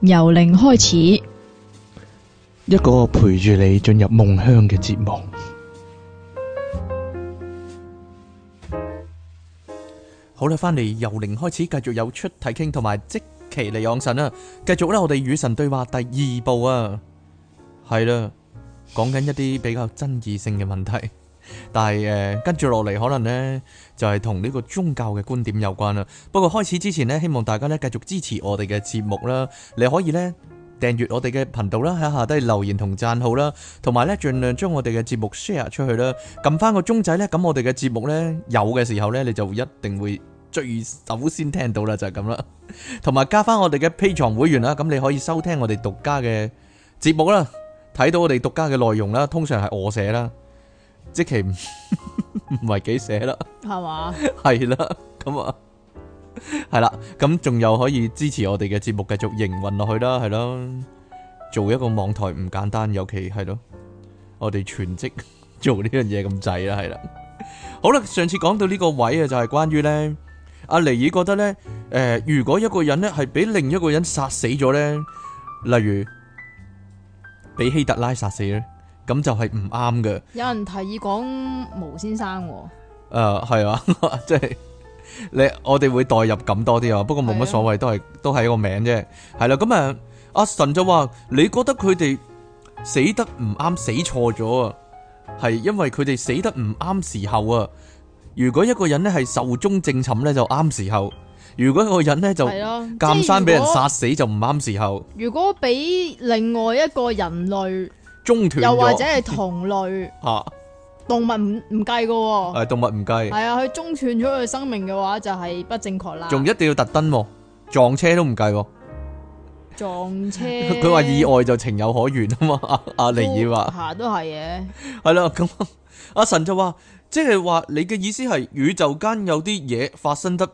由零開始，一個陪住你進入夢鄉嘅節目。好啦，翻嚟由零開始，繼續有出題傾同埋即期嚟養神啦。繼續咧，我哋與神對話第二部啊，係啦，講緊一啲比較爭議性嘅問題。但係誒、呃，跟住落嚟，可能呢就係同呢個宗教嘅觀點有關啦。不過開始之前呢，希望大家呢繼續支持我哋嘅節目啦。你可以呢訂閱我哋嘅頻道啦，喺下低留言同讚好啦，同埋呢盡量將我哋嘅節目 share 出去啦。撳翻個鐘仔呢，咁我哋嘅節目呢，有嘅時候呢，你就一定會最首先聽到啦，就係、是、咁啦。同埋加翻我哋嘅 Patreon 會員啦，咁你可以收聽我哋獨家嘅節目啦，睇到我哋獨家嘅內容啦，通常係我寫啦。即期唔唔係幾寫啦，係嘛？係啦，咁啊，係啦，咁仲有可以支持我哋嘅節目繼續營運落去啦，係咯，做一個網台唔簡單，尤其係咯，我哋全職做呢樣嘢咁滯啦，係啦。好啦，上次講到呢個位啊，就係關於呢，阿尼爾覺得呢，誒，如果一個人呢係俾另一個人殺死咗呢，例如俾希特拉殺死咧。咁就係唔啱嘅。有人提議講毛先生、哦，誒、呃，係啊，即係你我哋會代入咁多啲啊。不過冇乜所謂，啊、都係都係一個名啫。係啦，咁啊，阿、嗯啊、神就話你覺得佢哋死得唔啱，死錯咗啊？係因為佢哋死得唔啱時候啊。如果一個人咧係壽終正寢咧，就啱時候；如果一個人呢，就、啊，係咯，漸生俾人殺死就唔啱時候。啊、如果俾另外一個人類中斷又或者係同類、啊、動物唔唔計噶係動物唔計，係啊，佢中斷咗佢生命嘅話就係不正確啦，仲一定要特登喎，撞車都唔計喎，撞車佢話 意外就情有可原啊嘛。阿、啊啊、尼爾話下都係嘅，係啦，咁阿神就話，即係話你嘅意思係宇宙間有啲嘢發生得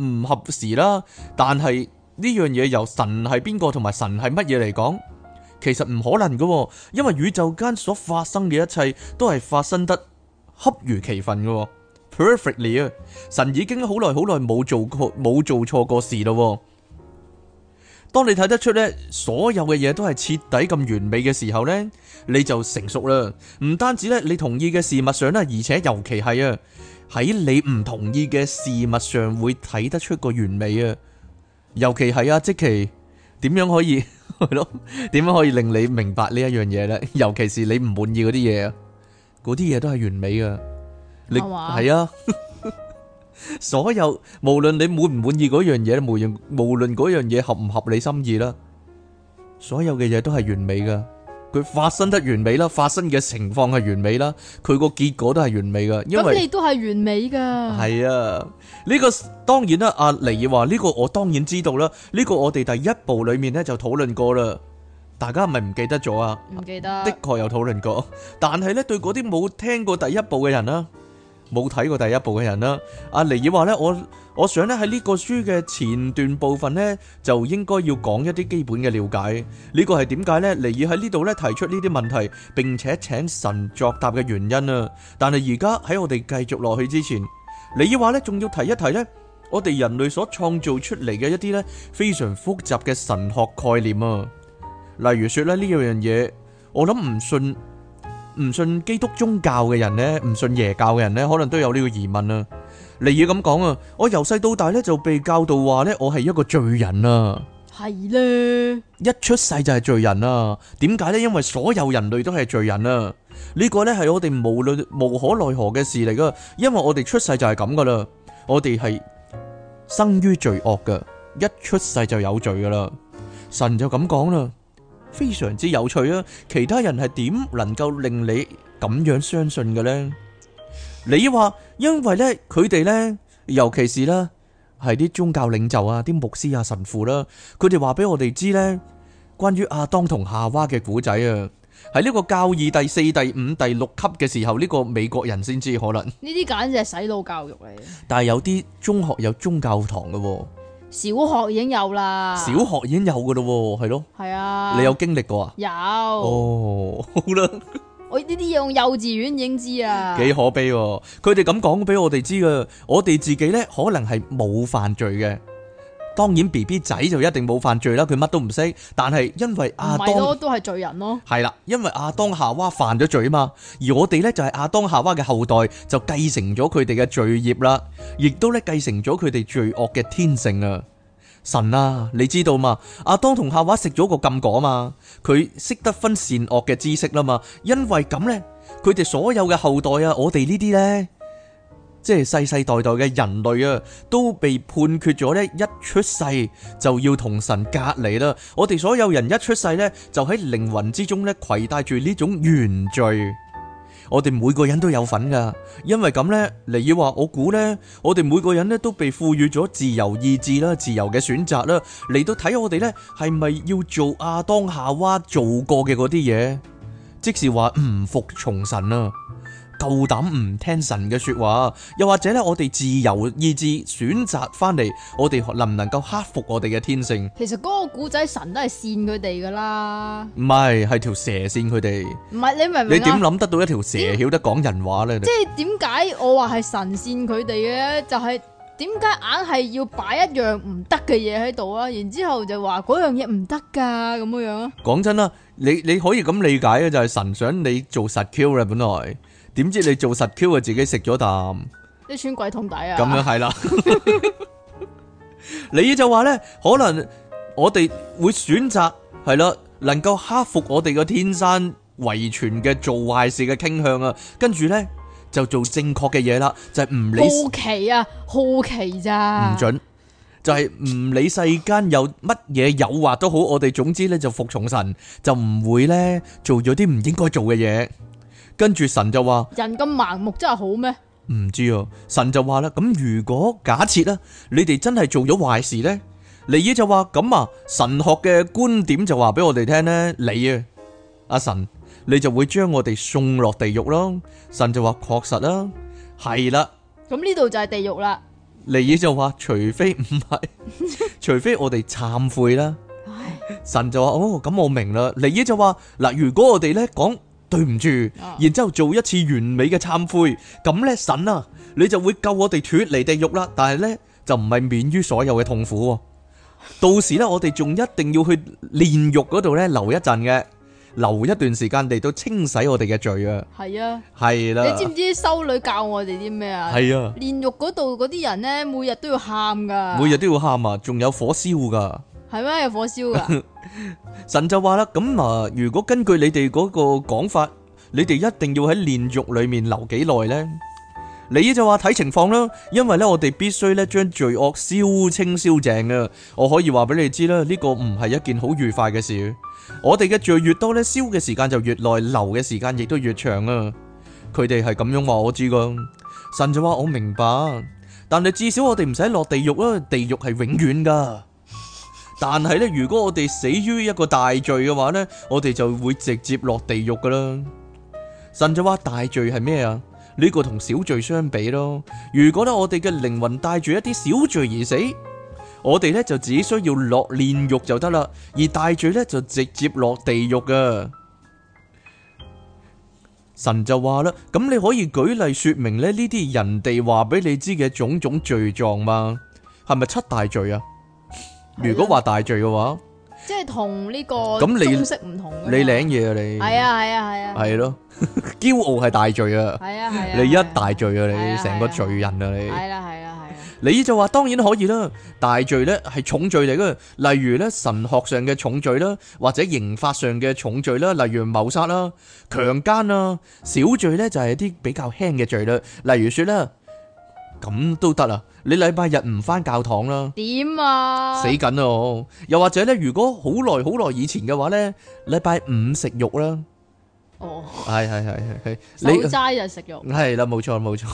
唔合時啦，但係呢樣嘢由神係邊個同埋神係乜嘢嚟講？其實唔可能噶，因為宇宙間所發生嘅一切都係發生得恰如其分嘅，perfectly 啊！Perfect ly, 神已經好耐好耐冇做過冇做錯過事咯。當你睇得出呢所有嘅嘢都係徹底咁完美嘅時候呢，你就成熟啦。唔單止呢你同意嘅事物上咧，而且尤其係啊，喺你唔同意嘅事物上會睇得出個完美啊。尤其係啊，即期點樣可以？係咯，點樣可以令你明白呢一樣嘢咧？尤其是你唔滿意嗰啲嘢，嗰啲嘢都係完美噶。你係啊，所有無論你滿唔滿意嗰樣嘢，無論無論嗰樣嘢合唔合你心意啦，所有嘅嘢都係完美噶。佢發生得完美啦，發生嘅情況係完美啦，佢個結果都係完美嘅。咁你都係完美噶。係啊，呢個當然啦、啊，阿尼爾話嗯、呢個我當然知道啦，呢個我哋第一部裡面咧就討論過啦，大家係咪唔記得咗啊？唔記得。的確有討論過，但係咧對嗰啲冇聽過第一部嘅人啦，冇睇過第一部嘅人啦，啊、阿尼爾話咧我。我想咧喺呢個書嘅前段部分咧就應該要講一啲基本嘅了解，呢個係點解咧？尼爾喺呢度咧提出呢啲問題，並且請神作答嘅原因啊！但係而家喺我哋繼續落去之前，尼爾話咧仲要提一提咧，我哋人類所創造出嚟嘅一啲咧非常複雜嘅神學概念啊，例如說咧呢樣嘢，我諗唔信唔信基督宗教嘅人咧，唔信耶教嘅人咧，可能都有呢個疑問啊。例如咁講啊！我由細到大咧就被教導話咧，我係一個罪人啊！係咧的，一出世就係罪人啊！點解咧？因為所有人類都係罪人啊！呢個咧係我哋無論無可奈何嘅事嚟、啊、噶，因為我哋出世就係咁噶啦，我哋係生於罪惡噶，一出世就有罪噶啦。神就咁講啦，非常之有趣啊！其他人係點能夠令你咁樣相信嘅咧？你話因為咧，佢哋咧，尤其是咧，係啲宗教領袖啊，啲牧師啊、神父啦，佢哋話俾我哋知咧，關於亞當同夏娃嘅古仔啊，喺呢個教義、第四、第五、第六級嘅時候，呢個美國人先知可能。呢啲簡直係洗腦教育嚟。但係有啲中學有宗教堂噶，小學已經有啦，小學已經有噶啦，係咯，係啊，你有經歷過啊？有哦，好啦。我呢啲用幼稚園已經知啊，幾可悲！佢哋咁講俾我哋知嘅，我哋自己呢可能係冇犯罪嘅。當然 B B 仔就一定冇犯罪啦，佢乜都唔識。但係因為阿當，都係罪人咯。係啦，因為阿當夏娃犯咗罪啊嘛，而我哋呢就係阿當夏娃嘅後代，就繼承咗佢哋嘅罪孽啦，亦都咧繼承咗佢哋罪惡嘅天性啊。神啊，你知道嘛？阿當同夏娃食咗個禁果嘛，佢識得分善惡嘅知識啦嘛，因為咁呢，佢哋所有嘅後代啊，我哋呢啲呢，即係世世代代嘅人類啊，都被判決咗呢：一出世就要同神隔離啦。我哋所有人一出世呢，就喺靈魂之中呢，攜帶住呢種原罪。我哋每個人都有份噶，因為咁呢，嚟以話我估呢，我哋每個人都被賦予咗自由意志啦、自由嘅選擇啦，嚟到睇我哋呢，係咪要做亞當夏娃做過嘅嗰啲嘢，即是話唔服從神啊？夠膽唔聽神嘅說話，又或者咧，我哋自由意志選擇翻嚟，我哋能唔能夠克服我哋嘅天性？其實嗰個古仔，神都係扇佢哋噶啦，唔係係條蛇扇佢哋。唔係你明唔明？你點諗得到一條蛇曉得講人話咧？即係點解我話係神扇佢哋嘅？就係點解硬係要擺一樣唔得嘅嘢喺度啊？然之後就話嗰樣嘢唔得噶咁嘅樣啊？講真啦，你你可以咁理解嘅就係神想你做實 Q 啦本來。點知你做實 Q 啊？自己食咗啖，一串鬼痛底啊！咁樣係啦，你就話咧，可能我哋會選擇係啦，能夠克服我哋個天生遺傳嘅做壞事嘅傾向啊，跟住咧就做正確嘅嘢啦，就係唔理好奇啊，好奇咋？唔准，就係唔理世間有乜嘢誘惑都好，我哋總之咧就服從神，就唔會咧做咗啲唔應該做嘅嘢。跟住神就話：人咁盲目真係好咩？唔知啊！神就話啦，咁如果假設啦，你哋真係做咗壞事咧，尼爾就話咁啊！神學嘅觀點就話俾我哋聽咧，你啊，阿神，你就會將我哋送落地獄咯。神就話：確實啦，係啦。咁呢度就係地獄啦。尼爾就話：除非唔係， 除非我哋懺悔啦。 神就話：哦，咁我明啦。尼爾就話：嗱，如果我哋咧講。對唔住，然之後做一次完美嘅懺悔，咁呢神啊，你就會救我哋脫離地獄啦。但係呢，就唔係免於所有嘅痛苦，到時呢，我哋仲一定要去煉獄嗰度呢，留一陣嘅，留一段時間嚟到清洗我哋嘅罪啊。係啊了，係啦。你知唔知修女教我哋啲咩啊？係啊。煉獄嗰度嗰啲人呢，每日都要喊噶。每日都要喊啊，仲有火燒噶。係咩？有火燒噶？神就話啦，咁啊，如果根據你哋嗰個講法，你哋一定要喺煉獄裏面留幾耐呢？你就話睇情況啦，因為咧，我哋必須咧將罪惡燒清燒淨啊！我可以話俾你知啦，呢個唔係一件好愉快嘅事。我哋嘅罪越多咧，燒嘅時間就越耐，留嘅時間亦都越長啊！佢哋係咁樣話，我知噶。神就話我明白，但係至少我哋唔使落地獄啊，地獄係永遠噶。但係咧，如果我哋死於一個大罪嘅話咧，我哋就會直接落地獄噶啦。神就話大罪係咩啊？呢個同小罪相比咯。如果咧我哋嘅靈魂帶住一啲小罪而死，我哋咧就只需要落煉獄就得啦。而大罪咧就直接落地獄啊。神就話啦，咁你可以舉例說明咧呢啲人哋話俾你知嘅種種罪狀嘛，係咪七大罪啊？如果話大罪嘅話，即係同呢個宗式唔同。你領嘢啊你，係啊係啊係啊，係咯，驕傲係大罪啊，係啊係啊，你一大罪啊你，成個罪人啊你，係啦係啦係啦，你就話當然可以啦，大罪咧係重罪嚟嘅，例如咧神學上嘅重罪啦，或者刑法上嘅重罪啦，例如謀殺啦、強奸啦，小罪咧就係啲比較輕嘅罪啦，例如說呢。咁都得啦！你禮拜日唔翻教堂啦？點啊？死緊啊！又或者咧，如果好耐好耐以前嘅話咧，禮拜五食肉啦。哦，係係係係係，你齋就食肉。係啦、哎，冇錯冇錯，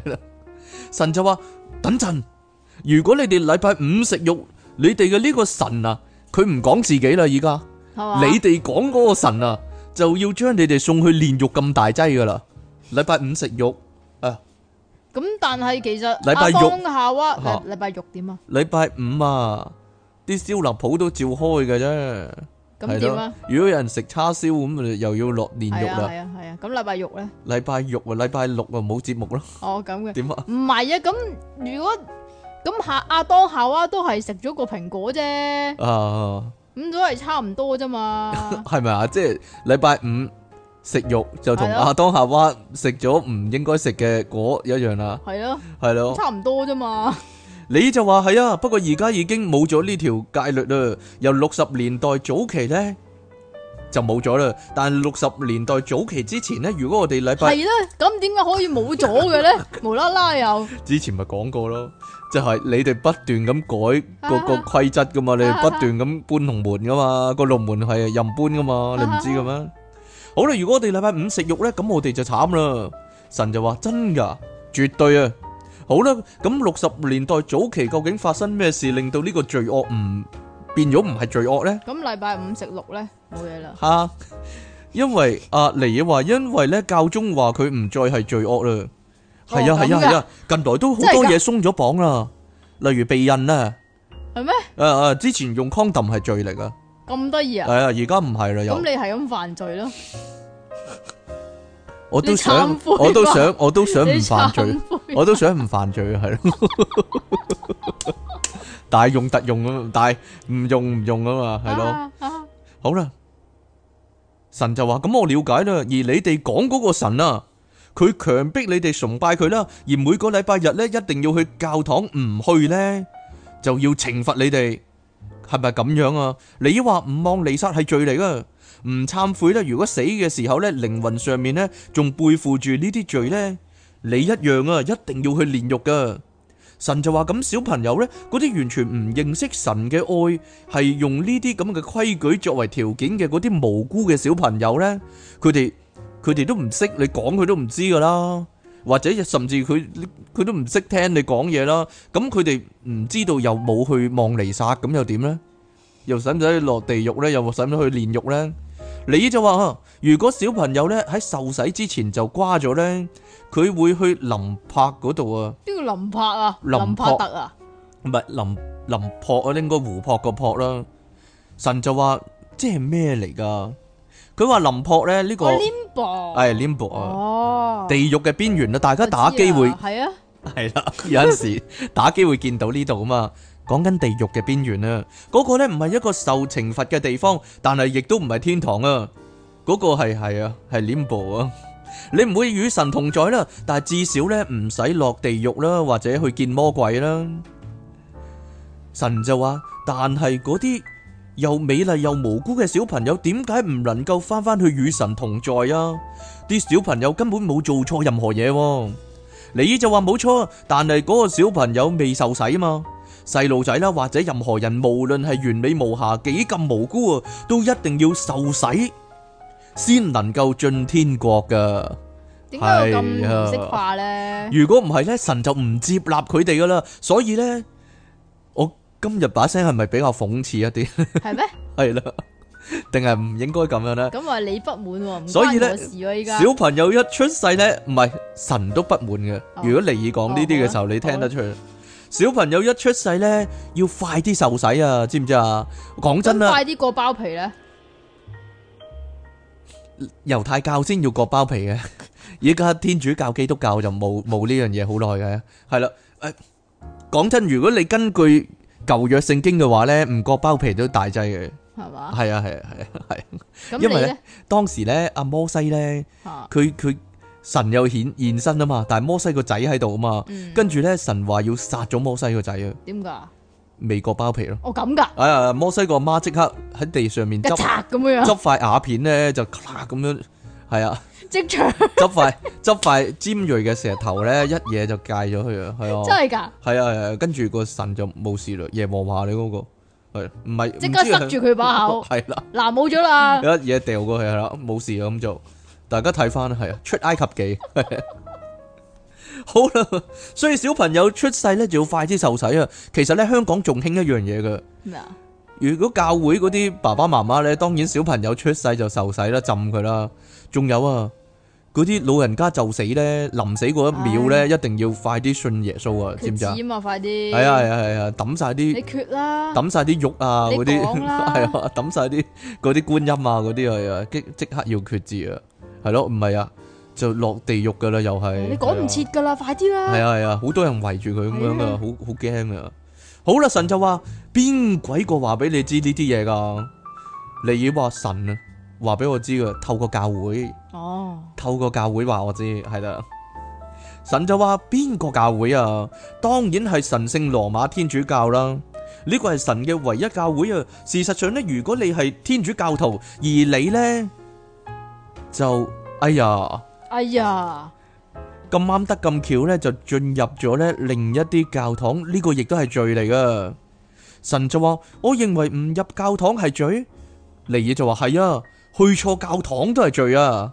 係啦。 神就話：等陣，如果你哋禮拜五食肉，你哋嘅呢個神啊，佢唔講自己啦，而家嗎你哋講嗰個神啊，就要將你哋送去煉獄咁大劑噶啦。禮拜五食肉。咁但係其實阿當下啊，禮拜六點啊？禮拜五啊，啲燒臘鋪都照開嘅啫。咁點啊？如果有人食叉燒咁，又要落年肉啦。係啊係啊，咁禮拜六咧？禮拜六啊，禮拜六啊冇節目咯。哦，咁嘅。點啊？唔係啊，咁如果咁下阿當下啊，都係食咗個蘋果啫。啊，咁都係差唔多啫嘛。係咪啊？即係禮拜五。食肉就同亞當夏娃食咗唔應該食嘅果一樣啦，係咯，係咯，差唔多啫嘛。你就話係啊，不過而家已經冇咗呢條戒律啦，由六十年代早期咧就冇咗啦。但六十年代早期之前咧，如果我哋禮拜係咧，咁點解可以冇咗嘅咧？無啦啦又，之前咪講過咯，就係你哋不斷咁改個個規則噶嘛，你哋不斷咁搬龍門噶嘛，個龍門係任搬噶嘛，你唔知嘅咩？好啦，如果我哋禮拜五食肉咧，咁我哋就慘啦。神就話真噶，絕對啊。好啦，咁六十年代早期究竟發生咩事，令到呢個罪惡唔變咗唔係罪惡咧？咁禮拜五食肉咧，冇嘢啦。吓，因為阿尼話，因為咧教宗話佢唔再係罪惡啦。係啊係啊係啊，近來都好多嘢鬆咗綁啦，例如避孕啦。係咩？誒誒，之前用 condom 係罪嚟噶。咁得意啊！係啊，而家唔係啦。咁你係咁犯罪咯？我都想，我都想，我都想唔犯罪，我都想唔犯罪，係咯。但係用特用啊，但係唔用唔用啊嘛，係咯。好啦，神就話：咁我了解啦，而你哋講嗰個神啊，佢強迫你哋崇拜佢啦，而每個禮拜日咧一定要去教堂，唔去咧就要懲罰你哋。係咪咁樣啊？你話唔望彌撒係罪嚟噶，唔懺悔咧。如果死嘅時候咧，靈魂上面咧仲背負住呢啲罪咧，你一樣啊，一定要去煉獄噶。神就話咁，小朋友咧，嗰啲完全唔認識神嘅愛，係用呢啲咁嘅規矩作為條件嘅嗰啲無辜嘅小朋友咧，佢哋佢哋都唔識，你講佢都唔知噶啦。或者甚至佢佢都唔識聽你講嘢啦，咁佢哋唔知道又冇去望彌撒，咁又點咧？又使唔使落地獄咧？又使唔使去煉獄咧？你就話，如果小朋友咧喺受洗之前就瓜咗咧，佢會去林泊嗰度啊？呢個林泊啊？林泊特啊？唔係林林泊啊，應該湖泊個泊啦。神就話，即係咩嚟噶？佢話林薄咧呢、這個係 Limbo 啊，地獄嘅邊緣啊，大家打機會係啊，係啦、哎，有陣時打機會見到呢度啊嘛，講緊地獄嘅邊緣啊，嗰、那個咧唔係一個受懲罰嘅地方，但係亦都唔係天堂啊，嗰、那個係係啊，係 Limbo 啊，你唔會與神同在啦，但係至少咧唔使落地獄啦，或者去見魔鬼啦，神就話，但係嗰啲。又美麗又無辜嘅小朋友，點解唔能夠翻翻去與神同在啊？啲小朋友根本冇做錯任何嘢。你就話冇錯，但係嗰個小朋友未受洗啊嘛。細路仔啦，或者任何人，無論係完美無瑕、幾咁無辜啊，都一定要受洗，先能夠進天國噶。點解又咁程式化咧？如果唔係咧，神就唔接納佢哋噶啦。所以咧。今日把聲係咪比較諷刺一啲？係咩？係啦，定係唔應該咁樣咧？咁話你不滿喎，唔關我事咯。所以呢，依家小朋友一出世咧，唔係神都不滿嘅。如果你講呢啲嘅時候，你聽得出？小朋友一出世咧，要快啲受洗啊，知唔知啊？講真啦，快啲過包皮咧？猶太教先要割包皮嘅，而家天主教、基督教就冇冇呢樣嘢好耐嘅。係啦，誒，講真，如果你根據。舊約聖經嘅話咧，唔割包皮都大劑嘅，係嘛？係啊係啊係啊係，咁因為咧，當時咧阿摩西咧，佢佢神又顯現身啊嘛，但係摩西個仔喺度啊嘛，跟住咧神話要殺咗摩西個仔啊，點噶？未割包皮咯，哦咁噶？哎呀，摩西個阿媽即刻喺地上面一擦咁樣，執塊瓦片咧就咁樣，係啊。執塊執塊尖銳嘅石頭咧，一嘢就戒咗佢啊，係啊，真係噶，係啊係啊，跟住個神就冇事啦。耶和華你嗰個係唔係即刻塞住佢把口？係啦，嗱冇咗啦， 一嘢掉過去啦，冇事咁就大家睇翻係啊，出埃及記 好啦，所以小朋友出世咧就要快啲受洗啊。其實咧，香港仲興一樣嘢噶咩啊？如果教會嗰啲爸爸媽媽咧，當然小朋友出世就受洗啦，啊，浸佢啦，仲有啊。嗰啲老人家就死咧，臨死嗰一秒咧，哎、呀一定要快啲信耶穌啊！知唔知啊？決志嘛，快啲點！係啊係啊係啊，抌晒啲你決啦！抌晒啲玉啊嗰啲，係啊抌晒啲嗰啲觀音啊嗰啲啊，即即刻要決志啊！係咯，唔係啊，就落地獄噶啦又係。你趕唔切噶啦，呀快啲啦！係啊係啊，好多人圍住佢咁樣啊，好好驚啊！好啦，神就話：邊鬼個話俾你知呢啲嘢噶？你話神啊？話俾我知噶，透過教會哦，透過教會話我知係啦。神就話，邊個教會啊？當然係神聖羅馬天主教啦。呢個係神嘅唯一教會啊。事實上呢，如果你係天主教徒，而你呢，就哎呀，哎呀，咁啱得咁巧呢，就進入咗呢另一啲教堂，呢個亦都係罪嚟噶。神就話，我認為唔入教堂係罪。尼爾就話係呀。」去錯教堂都係罪啊！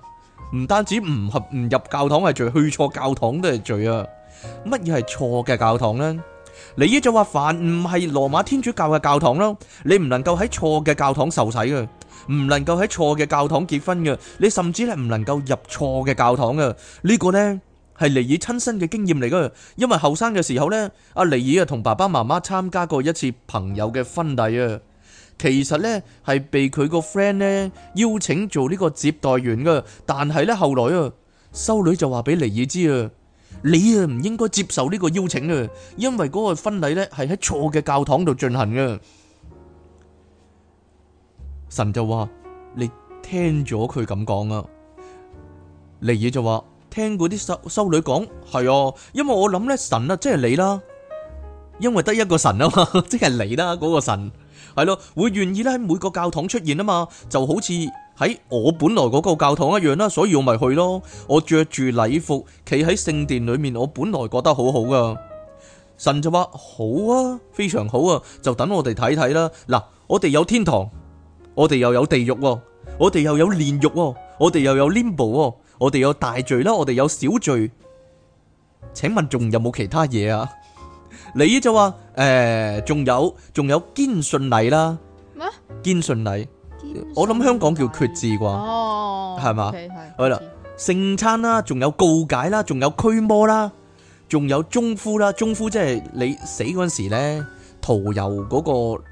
唔單止唔合唔入教堂係罪，去錯教堂都係罪啊！乜嘢係錯嘅教堂呢？尼爾就話：凡唔係羅馬天主教嘅教堂咯，你唔能夠喺錯嘅教堂受洗嘅，唔能夠喺錯嘅教堂結婚嘅，你甚至係唔能夠入錯嘅教堂嘅。呢個呢係尼爾親身嘅經驗嚟噶，因為後生嘅時候呢，阿尼爾啊同爸爸媽媽參加過一次朋友嘅婚禮啊。其實咧係被佢個 friend 咧邀請做呢個接待員噶，但係咧後來啊，修女就話俾尼爾知啊，你啊唔應該接受呢個邀請啊，因為嗰個婚禮咧係喺錯嘅教堂度進行噶。神就話：你聽咗佢咁講啊？尼爾就話：聽嗰啲修修女講係啊，因為我諗咧神啊即係你啦，因為得一個神啊嘛，即係你啦嗰個神。係咯，會願意咧喺每個教堂出現啊嘛，就好似喺我本來嗰個教堂一樣啦，所以我咪去咯。我着住禮服，企喺聖殿裏面，我本來覺得好好噶。神就話好啊，非常好啊，就等我哋睇睇啦。嗱，我哋有天堂，我哋又有地獄喎，我哋又有煉獄喎，我哋又有 limbo 喎，我哋有大罪啦啊，我哋有小罪。請問仲有冇其他嘢啊？你就話誒，仲、欸、有仲有堅信禮啦，咩堅信禮？我諗香港叫決志啩，係嘛、哦？係啦，聖、okay, right. 餐啦，仲有告解啦，仲有驅魔啦，仲有終傅啦，終傅即係你死嗰陣時咧，徒由嗰個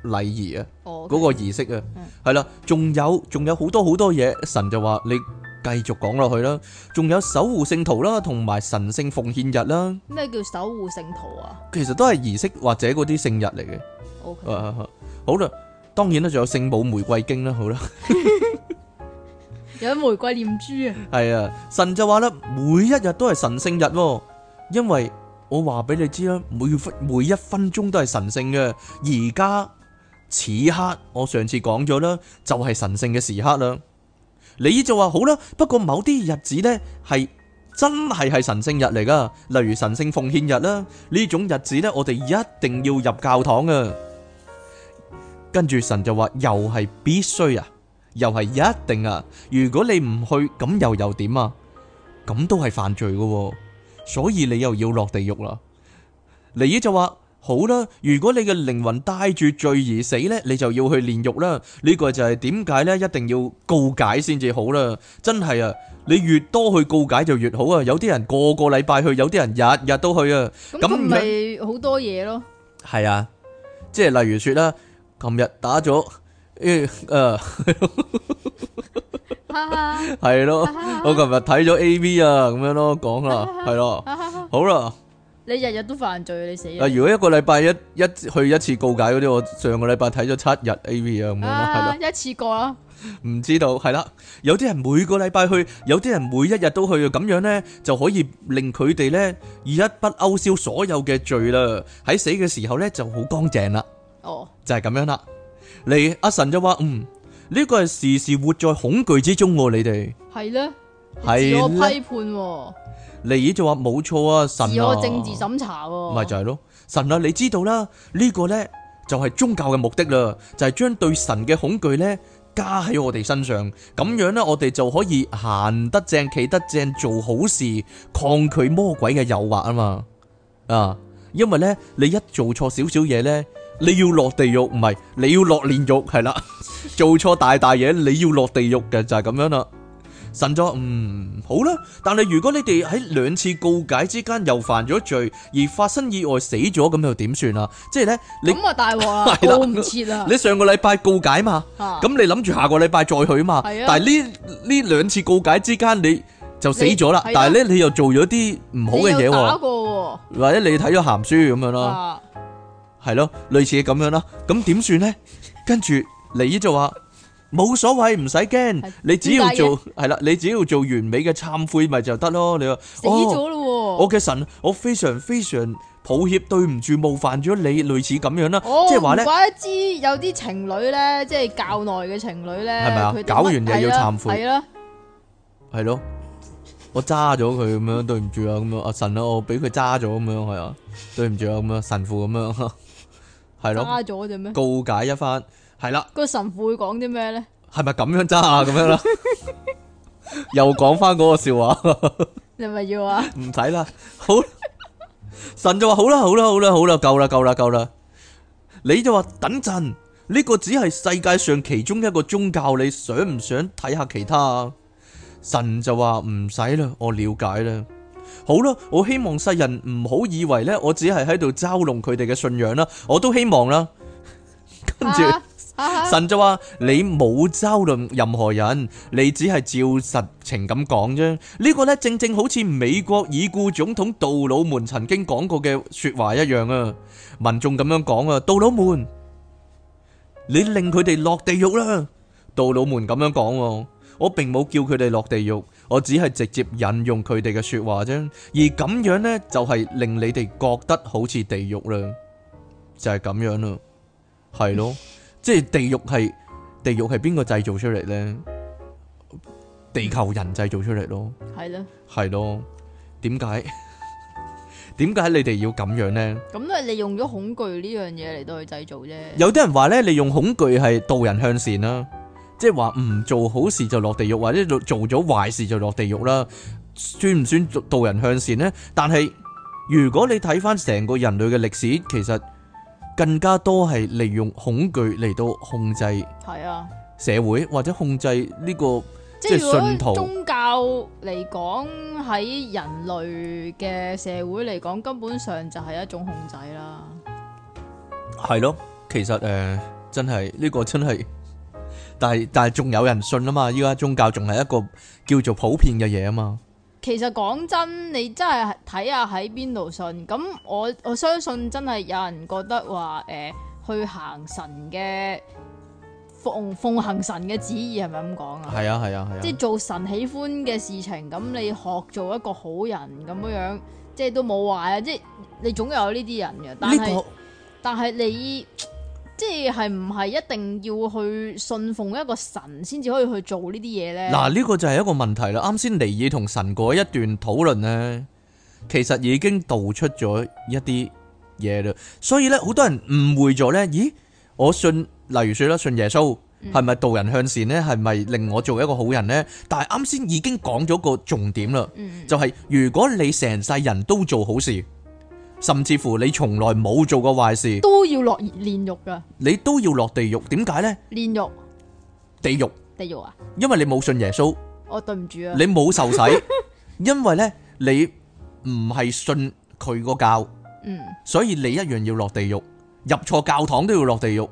禮儀啊，嗰、哦 okay. 個儀式啊，係啦、嗯，仲有仲有好多好多嘢，神就話你。繼續講落去啦，仲有守護聖徒啦，同埋神聖奉獻日啦。咩叫守護聖徒啊？其實都係儀式或者嗰啲聖日嚟嘅 Okay.、啊啊。好啦，當然啦，仲有聖母玫瑰經啦，好啦。 有玫瑰念珠啊。係啊，神就話啦，每一日都係神聖日，因為我話俾你知啦，每分每一分鐘都係神聖嘅。而家此刻，我上次講咗啦，就係、是、神聖嘅時刻啦。你就話好啦，不過某啲日子呢，係真係係神聖日嚟噶，例如神聖奉獻日啦，呢種日子呢，我哋一定要入教堂啊。跟住神就話又係必須啊，又係一定啊，如果你唔去咁又又點啊？咁都係犯罪噶喎，所以你又要落地獄啦。你依就話。好啦，如果你嘅靈魂帶住罪而死呢，你就要去煉獄啦。呢、呢個就係點解呢？一定要告解先至好啦。真係啊，你越多去告解就越好啊。有啲人個個禮拜去，有啲人日日都去啊。咁咪好多嘢咯。係啊，即係例如說啦，琴日打咗誒，啊、哎、係、呃、 哈 咯，哈哈我琴日睇咗 A V 啊，咁樣咯，講啦，係哈咯，好啦。好你日日都犯罪，你死人。啊！如果一個禮拜一一去一次告解嗰啲，我上個禮拜睇咗七日 AV 啊，咁樣係咯，一次過啦。唔知道，係啦。有啲人每個禮拜去，有啲人每一日都去，咁樣咧就可以令佢哋咧一筆勾銷所有嘅罪啦。喺死嘅時候咧就好乾淨啦。哦，就係咁樣啦。嚟，阿神就話：嗯，呢個係時時活在恐懼之中，你哋係咧，係咧。你已就話冇錯啊，神！自我政治審查，咪就係咯，神啊，你知道啦，呢個咧就係宗教嘅目的啦，就係將對神嘅恐懼咧加喺我哋身上，咁樣咧我哋就可以行得正，企得正，做好事，抗拒魔鬼嘅誘惑啊嘛啊！因為咧你一做錯少少嘢，咧你要落地獄，唔係你要落煉獄，係啦，做錯大大嘢你要落地獄嘅，就係咁樣啦。神咗，嗯，好啦。但係如果你哋喺兩次告解之間又犯咗罪，而發生意外死咗，咁又點算啊？即係咧，咁啊大鑊啦，過唔切啊！你上個禮拜告解嘛，咁你諗住下個禮拜再去啊嘛。但係呢呢兩次告解之間你就死咗啦，但係咧你又做咗啲唔好嘅嘢喎，或者你睇咗鹹書咁樣咯，係咯，類似咁樣啦。咁點算咧？跟住你就話。冇所謂，唔使驚，你只要做係啦，你只要做完美嘅懺悔咪就得咯。你話死咗咯，我嘅神，我非常非常抱歉，對唔住冒犯咗你，類似咁樣啦，即係話咧，有啲情侶咧，即係教內嘅情侶咧，係咪啊？搞完又要懺悔，係咯，係咯，我揸咗佢咁樣，對唔住啊，咁樣啊神啊，我俾佢揸咗咁樣係啊，對唔住啊，咁樣神父咁樣，係咯，揸咗就咩？告解一番。係啦，個神父會講啲咩呢？係咪咁樣揸啊？咁樣啦，又講翻嗰個笑話。你咪要啊？唔使啦，好。神就話好啦，好啦，好啦，好啦，夠啦，夠啦，夠啦。你就話等陣，呢個只係世界上其中一個宗教，你想唔想睇下其他啊？神就話唔使啦，我了解啦。好啦，我希望世人唔好以為呢，我只係喺度嘲弄佢哋嘅信仰啦，我都希望啦，跟住。神就話：你冇嘲弄任何人，你只係照實情咁講啫。呢、呢個呢，正正好似美國已故總統杜魯門曾經講過嘅說話一樣啊！民眾咁樣講啊，杜魯門，你令佢哋落地獄啦！杜魯門咁樣講，我並冇叫佢哋落地獄，我只係直接引用佢哋嘅說話啫。而咁樣呢，就係令你哋覺得好似地獄啦，就係、是、咁樣啦，係咯。 即係地獄係地獄係邊個製造出嚟呢？地球人製造出嚟咯，係咯的，係咯。點解點解你哋要咁樣呢？咁都係利用咗恐懼呢樣嘢嚟到去製造啫。有啲人話咧，利用恐懼係導人向善啦、啊，即係話唔做好事就落地獄，或者做做咗壞事就落地獄啦、啊，算唔算導人向善呢？但係如果你睇翻成個人類嘅歷史，其實。更加多係利用恐懼嚟到控制，係啊社會或者控制呢個即係信徒宗教，嚟講喺人類嘅社會嚟講，根本上就係一種控制啦。係咯，其實誒真係呢個真係，但係但係仲有人信啊嘛？依家宗教仲係一個叫做普遍嘅嘢啊嘛。其實講真，你真係睇下喺邊度信。咁我我相信真係有人覺得話，誒、呃，去行神嘅奉奉行神嘅旨意，係咪咁講啊？係啊係啊係啊！啊即係做神喜歡嘅事情，咁你學做一個好人，咁樣樣即係都冇壞啊！即係你總有呢啲人嘅，但係、這個、但係你。即係唔係一定要去信奉一個神先至可以去做呢啲嘢咧？嗱呢個就係一個問題啦。啱先尼爾同神嗰一段討論咧，其實已經道出咗一啲嘢啦。所以咧，好多人誤會咗咧。咦，我信例如說啦，信耶穌，係咪導人向善咧？係咪令我做一個好人咧？但係啱先已經講咗個重點啦，就係如果你成世人都做好事。甚至乎你從來冇做過壞事，都要落煉獄噶你都要落地獄，點解咧？煉獄、地獄、地獄啊！因為你冇信耶穌，我對唔住啊！你冇受洗，因為咧你唔係信佢個教，嗯，所以你一樣要落地獄，入錯教堂都要落地獄，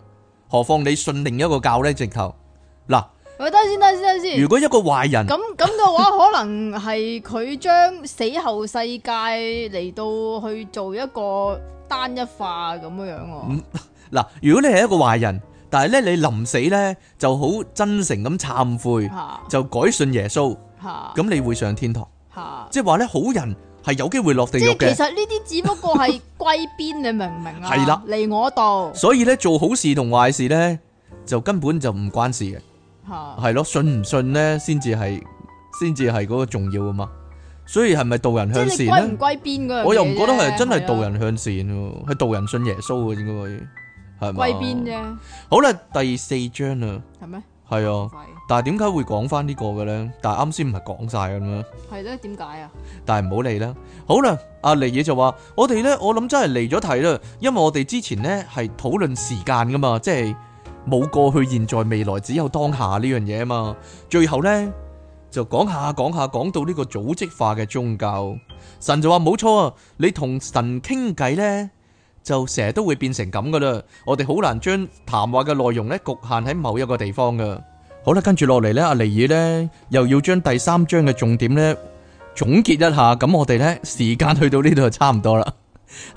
何況你信另一個教咧，直頭嗱。如果一個壞人咁咁嘅話，可能係佢將死後世界嚟到去做一個單一化咁樣樣喎。嗱，如果你係一個壞人，但係咧你臨死咧就好真誠咁懺悔，就改信耶穌，咁你會上天堂。即係話咧，好人係有機會落地獄嘅。其實呢啲只不過係歸邊，你明唔明啊？係啦，嚟我度。所以咧，做好事同壞事咧，就根本就唔關事嘅。係咯，信唔信咧，先至係，先至係嗰個重要啊嘛。所以係咪導人向善咧？唔歸邊我又唔覺得係真係導人向善，係的導人信耶穌嘅應該係嘛？歸邊啫？好啦，第四章啊，係咩嗎？係啊的，但係點解會講翻呢個嘅咧？但係啱先唔係講晒咁樣？係咧，點解啊？但係唔好理啦。好啦，阿黎嘢就話：我哋咧，我諗真係離咗題啦，因爲我哋之前咧係討論時間噶嘛，即係。冇過去、現在、未來，只有當下呢樣嘢啊嘛！最後呢，就講下講下，講到呢個組織化嘅宗教，神就話冇錯啊！你同神傾偈呢，就成日都會變成咁噶啦！我哋好難將談話嘅內容呢，局限喺某一個地方噶。好啦，跟住落嚟呢，阿尼爾呢，又要將第三章嘅重點呢，總結一下。咁我哋呢，時間去到呢度就差唔多啦。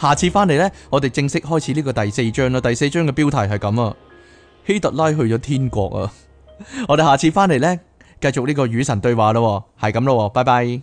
下次翻嚟呢，我哋正式開始呢個第四章啦。第四章嘅標題係咁啊！希特拉去咗天國啊！ 我哋下次翻嚟咧，繼續呢個與神對話咯，係咁咯，拜拜。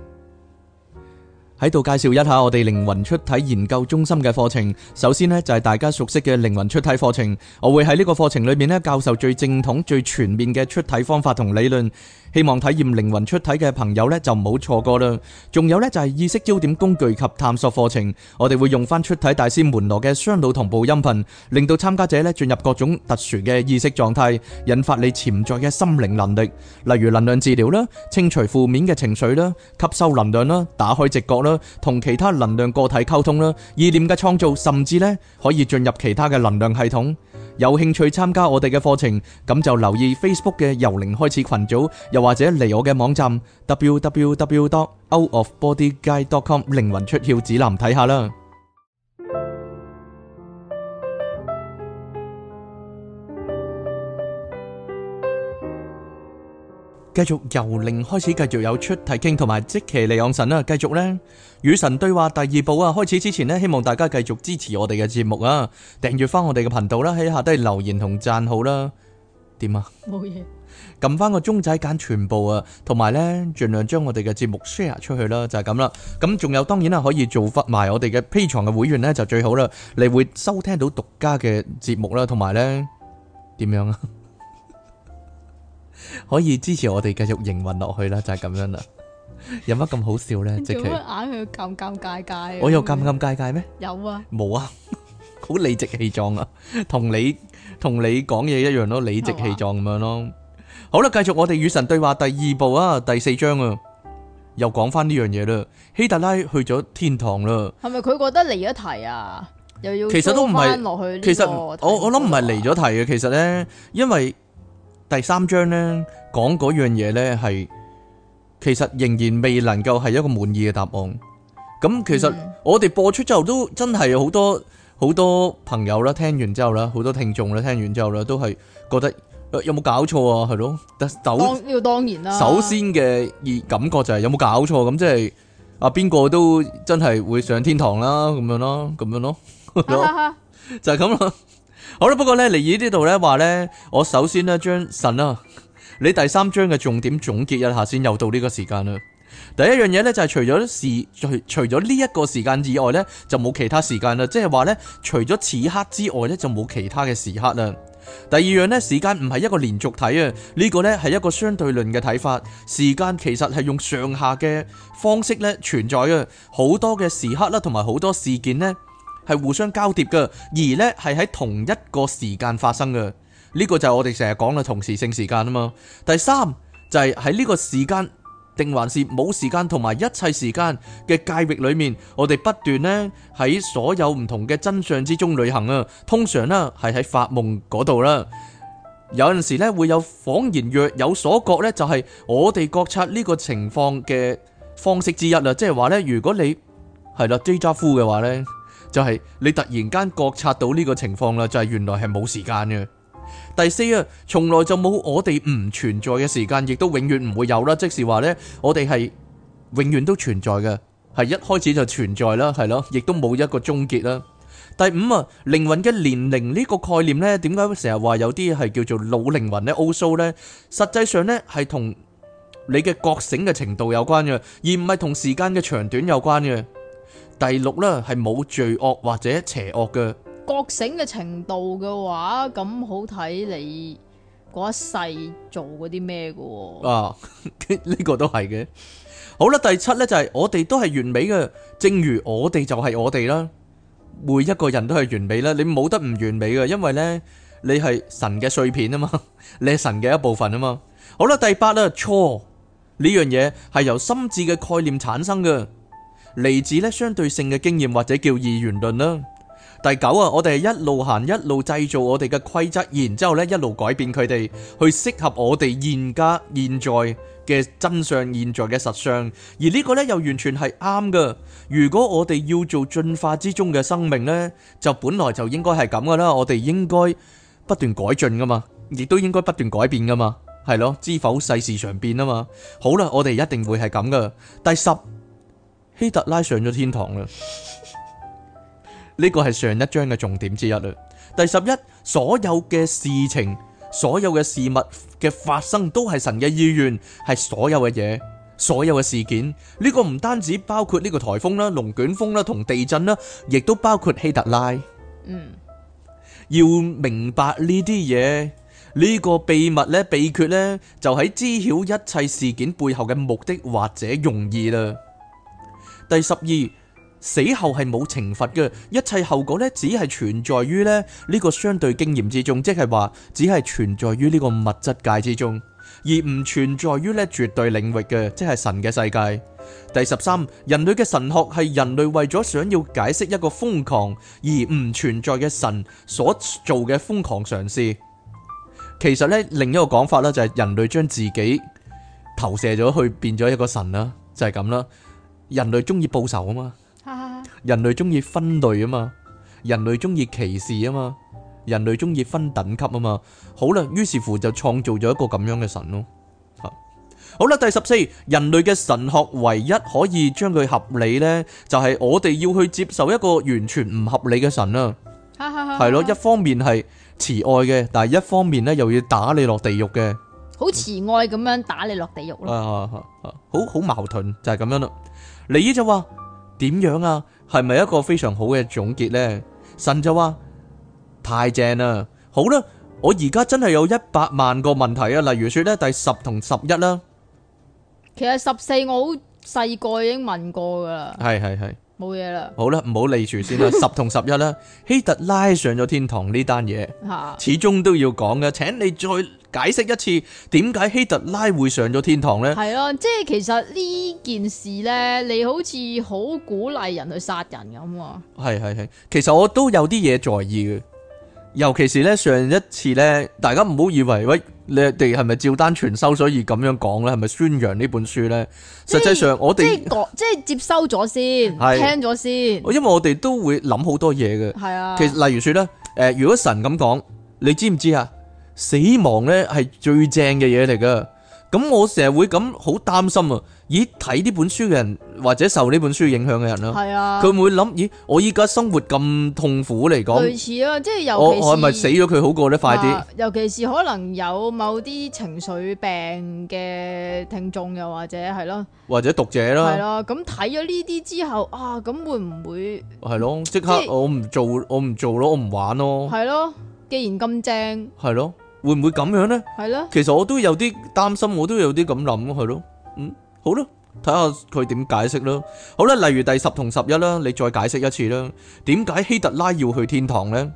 喺度介紹一下我哋靈魂出體研究中心嘅課程。首先呢，就係大家熟悉嘅靈魂出體課程，我會喺呢個課程裏面呢，教授最正統、最全面嘅出體方法同理論。希望體驗靈魂出體嘅朋友咧，就唔好錯過啦。仲有咧就係意識焦點工具及探索課程，我哋會用翻出體大師門羅嘅雙腦同步音頻，令到參加者咧進入各種特殊嘅意識狀態，引發你潛在嘅心靈能力，例如能量治療啦、清除負面嘅情緒啦、吸收能量啦、打開直覺啦、同其他能量個體溝通啦、意念嘅創造，甚至咧可以進入其他嘅能量系統。有興趣參加我哋嘅課程，咁就留意 Facebook 嘅由零開始群組，又或者嚟我嘅網站 www.outofbodyguide.com 靈魂出竅指南睇下啦。繼續由零開始，繼續有出題傾，同埋即期嚟往神啦。繼續呢，與神對話第二部啊！開始之前呢，希望大家繼續支持我哋嘅節目啊，訂閱翻我哋嘅頻道啦，喺下低留言同讚好啦，點啊？冇嘢事，撳翻個鐘仔，揀全部啊，同埋呢，盡量將我哋嘅節目 share 出去啦，就係咁啦。咁仲有，當然啦，可以做埋我哋嘅 Patreon 嘅會員呢，就最好啦。你會收聽到獨家嘅節目啦，同埋呢，點樣啊？可以支持我哋繼續營運落去啦，就係咁樣啦。有乜咁好笑咧？直情眼佢尷尷尬尬，我有尷尷尬尬咩？有啊，冇啊，好理直氣壯啊，同你同你講嘢一樣咯，理直氣壯咁樣咯。好啦，繼續我哋與神對話第二部啊，第四章啊，又講翻呢樣嘢啦。希特拉去咗天堂啦，係咪佢覺得離咗題啊？又要其實都唔係落去。其實我我諗唔係離咗題嘅，其實咧，因為。第三章咧，講嗰樣嘢咧，係其實仍然未能夠係一個滿意嘅答案。咁其實我哋播出之後都真係好多好多朋友啦，聽完之後啦，好多聽眾啦，聽完之後啦，都係覺得、呃、有冇搞錯啊？係咯，但首當，當然啦，首先嘅感覺就係有冇搞錯？咁即係啊，邊個都真係會上天堂啦，咁樣咯，咁樣咯，就係咁啦。好啦，不過呢，嚟以呢度呢話呢，我首先呢將神啊，你第三章嘅重點總結一下先，又到呢個時間啦。第一樣嘢呢，就係、是、除咗時，除除咗呢一個時間以外呢，就冇其他時間啦。即係話呢，除咗此刻之外呢，就冇其他嘅時刻啦。第二樣呢，時間唔係一個連續體啊，呢、這個呢，係一個相對論嘅睇法。時間其實係用上下嘅方式呢存在啊，好多嘅時刻啦，同埋好多事件呢，係互相交疊噶，而呢係喺同一個時間發生噶。呢、這個就係我哋成日講嘅同時性時間啊嘛。第三就係喺呢個時間定還是冇時間同埋一切時間嘅界域裏面，我哋不斷呢喺所有唔同嘅真相之中旅行啊。通常呢係喺發夢嗰度啦，有陣時呢，會有恍然若有所覺呢就係、是、我哋覺察呢個情況嘅方式之一啦。即係話呢，如果你係啦 Déjà vu 嘅話呢，就係你突然間覺察到呢個情況啦，就係、是、原來係冇時間嘅。第四啊，從來就冇我哋唔存在嘅時間，亦都永遠唔會有啦。即是話呢，我哋係永遠都存在嘅，係一開始就存在啦，係咯，亦都冇一個終結啦。第五啊，靈魂嘅年齡呢個概念呢，點解會成日話有啲係叫做老靈魂咧、old soul 呢？實際上呢，係同你嘅覺醒嘅程度有關嘅，而唔係同時間嘅長短有關嘅。第六咧，係冇罪惡或者邪惡嘅覺醒嘅程度嘅話，咁好睇你嗰一世做嗰啲咩嘅？啊，呢個都係嘅。好啦，第七呢就係我哋都係完美嘅，正如我哋就係我哋啦。每一個人都係完美啦，你冇得唔完美嘅，因為呢你係神嘅碎片啊嘛，你係神嘅一部分啊嘛。好啦，第八啦錯呢樣嘢係由心智嘅概念產生嘅。嚟自咧相對性嘅經驗或者叫二元論啦。第九啊，我哋係一路行一路製造我哋嘅規則，然之後咧一路改變佢哋，去適合我哋現今現在嘅真相、現在嘅實相。而呢個呢，又完全係啱噶。如果我哋要做進化之中嘅生命呢，就本來就應該係咁噶啦。我哋應該不斷改進噶嘛，亦都應該不斷改變噶嘛，係咯。知否世事常變啊嘛。好啦，我哋一定會係咁噶。第十。希特拉上咗天堂啦！呢個係上一章嘅重點之一啦。第十一，所有嘅事情，所有嘅事物嘅發生都係神嘅意願，係所有嘅嘢，所有嘅事件。呢個唔單止包括呢個颱風啦、龍捲風啦、同地震啦，亦都包括希特拉。嗯，要明白呢啲嘢，呢個秘密呢，秘訣呢，就喺知曉一切事件背後嘅目的或者用意啦。第十二，死後係冇懲罰嘅，一切後果咧只係存在於咧呢個相對經驗之中，即係話只係存在於呢個物質界之中，而唔存在於咧絕對領域嘅，即係神嘅世界。第十三，人類嘅神學係人類為咗想要解釋一個瘋狂而唔存在嘅神所做嘅瘋狂嘗試，其實咧另一個講法咧就係人類將自己投射咗去變咗一個神啦，就係咁啦。人類中意報仇啊嘛，人類中意分類啊嘛，人類中意歧視啊嘛，人類中意分等級啊嘛。好啦，於是乎就創造咗一個咁樣嘅神咯。好啦，第十四，人類嘅神學唯一可以將佢合理呢，就係我哋要去接受一個完全唔合理嘅神啦。係咯，一方面係慈愛嘅，但係一方面呢又要打你落地獄嘅，好慈愛咁樣打你落地獄咯。啊啊啊！好好矛盾就係咁樣咯。你呢就話點樣啊？係咪一個非常好嘅總結呢？神就話太正啦，好啦，我而家真係有一百萬個問題啊！例如說咧，第十同十一啦，其實十四我好細個已經問過噶啦，係係係，冇嘢啦，好啦，唔好理住先啦，十同十一啦，希特拉上咗天堂呢單嘢，始終都要講嘅，請你再。解釋一次點解希特拉會上咗天堂咧？係啊，即係其實呢件事咧，你好似好鼓勵人去殺人咁喎。係係係，其實我都有啲嘢在意嘅，尤其是咧，上一次咧，大家唔好以為喂，你哋係咪照單全收所以咁樣講咧，係咪宣揚呢本書咧？係，實際上我哋即係接收咗先，係，聽咗先。因為我哋都會諗好多嘢嘅。係啊，其實例如說咧，誒、呃，如果神咁講，你知唔知啊？死亡咧係最正嘅嘢嚟㗎，咁我成日會咁好擔心啊！咦，睇呢本書嘅人或者受呢本書影響嘅人咯，係啊，佢會唔會諗？咦，我依家生活咁痛苦嚟講，類似啊，即係尤其是我係咪死咗佢好過咧快啲？尤其是可能有某啲情緒病嘅聽眾又或者係咯，或者讀者咯，係咯，咁睇咗呢啲之後啊，咁會唔會係咯？即刻我唔做，我唔做咯，我唔玩咯。係咯，既然咁正，係咯。會唔會咁樣呢？係啦，其實我都有啲擔心，我都有啲咁諗，係咯，嗯，好啦，睇下佢點解釋啦。好啦，例如第十同十一啦，你再解釋一次啦。點解希特拉要去天堂呢？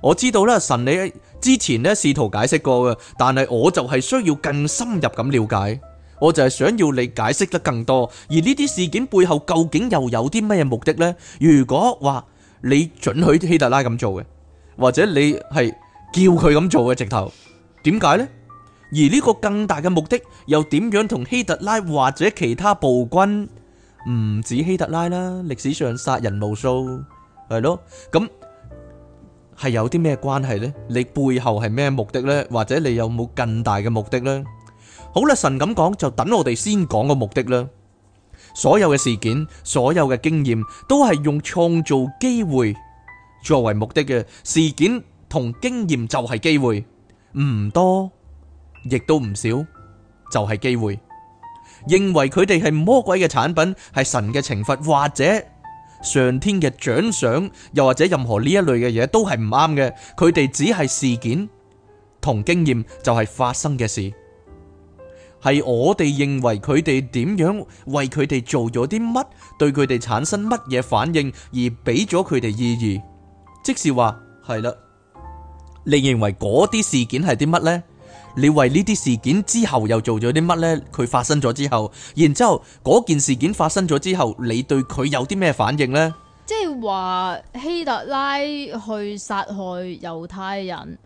我知道啦，神你之前咧試圖解釋過嘅，但係我就係需要更深入咁了解，我就係想要你解釋得更多。而呢啲事件背後究竟又有啲乜嘢目的呢？如果話你准許希特拉咁做嘅，或者你係叫佢咁做嘅直頭？點解呢？而呢個更大嘅目的又點樣同希特拉或者其他暴君，唔止希特拉啦？歷史上殺人無數，係咯，咁係有啲咩關係呢？你背後係咩目的呢？或者你有冇更大嘅目的呢？好啦，神咁講，就等我哋先講個目的啦。所有嘅事件，所有嘅經驗都係用創造機會作為目的嘅。事件同經驗就係機會。唔多，亦都唔少，就係機會。認為佢哋係魔鬼嘅產品，係神嘅懲罰，或者上天嘅獎賞，又或者任何呢一類嘅嘢，都係唔啱嘅。佢哋只係事件同經驗，就係發生嘅事。係我哋認為佢哋點樣為佢哋做咗啲乜，對佢哋產生乜嘢反應，而俾咗佢哋意義。即是話，係啦。你認為嗰啲事件係啲乜呢？你為呢啲事件之後又做咗啲乜呢？佢發生咗之後，然之後嗰件事件發生咗之後，你對佢有啲咩反應呢？即係話希特拉去殺害猶太人，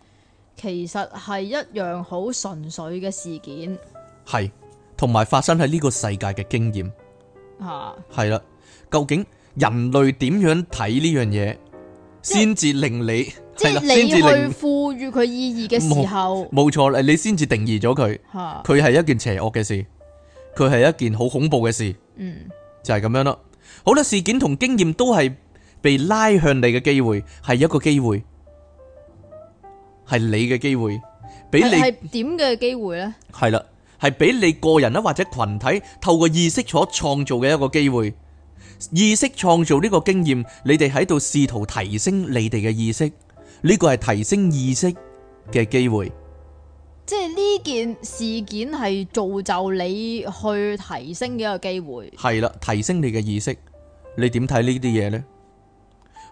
其實係一樣好純粹嘅事件，係同埋發生喺呢個世界嘅經驗啊，係啦。究竟人類點樣睇呢樣嘢，先至即係令你？即係你去賦予佢意義嘅時候，冇錯，你你先至定義咗佢，佢係一件邪惡嘅事，佢係一件好恐怖嘅事，嗯，就係咁樣咯。好多事件同經驗都係被拉向你嘅機會，係一個機會，係你嘅機會，俾你係點嘅機會呢？係啦，係俾你個人呀或者群體透過意識所創造嘅一個機會，意識創造呢個經驗，你哋喺度試圖提升你哋嘅意識。呢個係提升意識嘅機會，即係呢件事件係造就你去提升嘅一個機會。係啦，提升你嘅意識，你點睇呢啲嘢呢？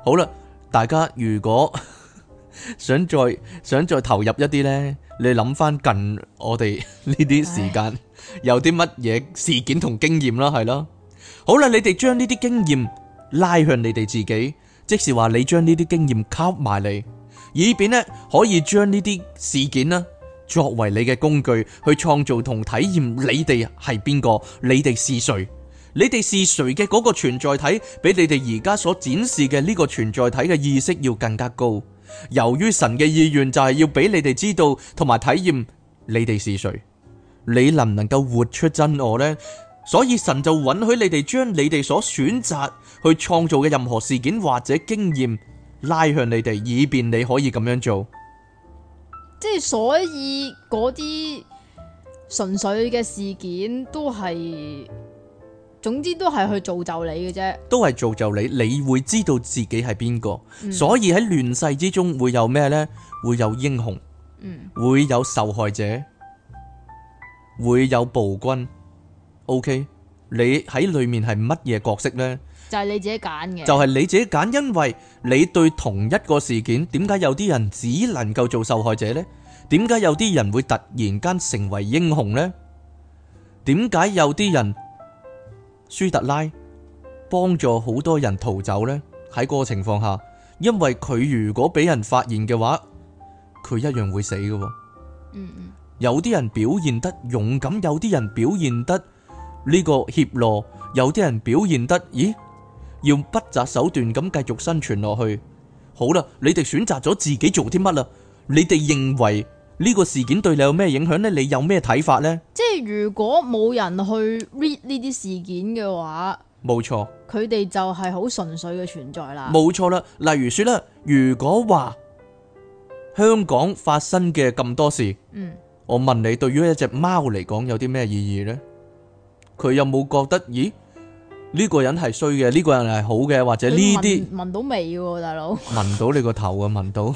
好啦，大家如果 想再想再投入一啲呢，你諗翻近我哋呢啲時間 有啲乜嘢事件同經驗啦，係咯。好啦，你哋將呢啲經驗拉向你哋自己，即是話你將呢啲經驗吸埋你。以便呢，可以將呢啲事件呢，作為你嘅工具去創造同體驗，你哋係邊個，你哋是誰，你哋是誰嘅嗰個存在體，比你哋而家所展示嘅呢個存在體嘅意識要更加高。由於神嘅意願就係要俾你哋知道同埋體驗，你哋是誰，你能唔能夠活出真我呢？所以神就允許你哋將你哋所選擇去創造嘅任何事件或者經驗。拉向你哋，以便你可以咁樣做。即係所以嗰啲純粹嘅事件都係，總之都係去造就你嘅啫。都係造就你，你會知道自己係邊個。所以喺亂世之中會有咩呢？會有英雄，嗯，會有受害者，會有暴君。OK，你喺裏面係乜嘢角色呢？就係你自己揀嘅，就係你自己揀，因為你對同一個事件，點解有啲人只能夠做受害者呢？點解有啲人會突然間成為英雄呢？點解有啲人舒特拉幫助好多人逃走呢？喺嗰個情況下，因為佢如果俾人發現嘅話，佢一樣會死㗎。嗯嗯，有啲人表現得勇敢，有啲人表現得呢個怯懦，有啲人表現得，咦？要不擇手段咁繼續生存落去。好啦，你哋選擇咗自己做啲乜啦？你哋認為呢個事件對你有咩影響呢？你有咩睇法呢？即係如果冇人去 read 呢啲事件嘅話，冇錯，佢哋就係好純粹嘅存在啦。冇錯啦，例如說啦，如果話香港發生嘅咁多事，嗯，我問你，對於一隻貓嚟講有啲咩意義呢？佢有冇覺得咦？呢個人係衰嘅，呢個人係好嘅，或者呢啲聞到味嘅大佬，聞到你個頭啊，聞到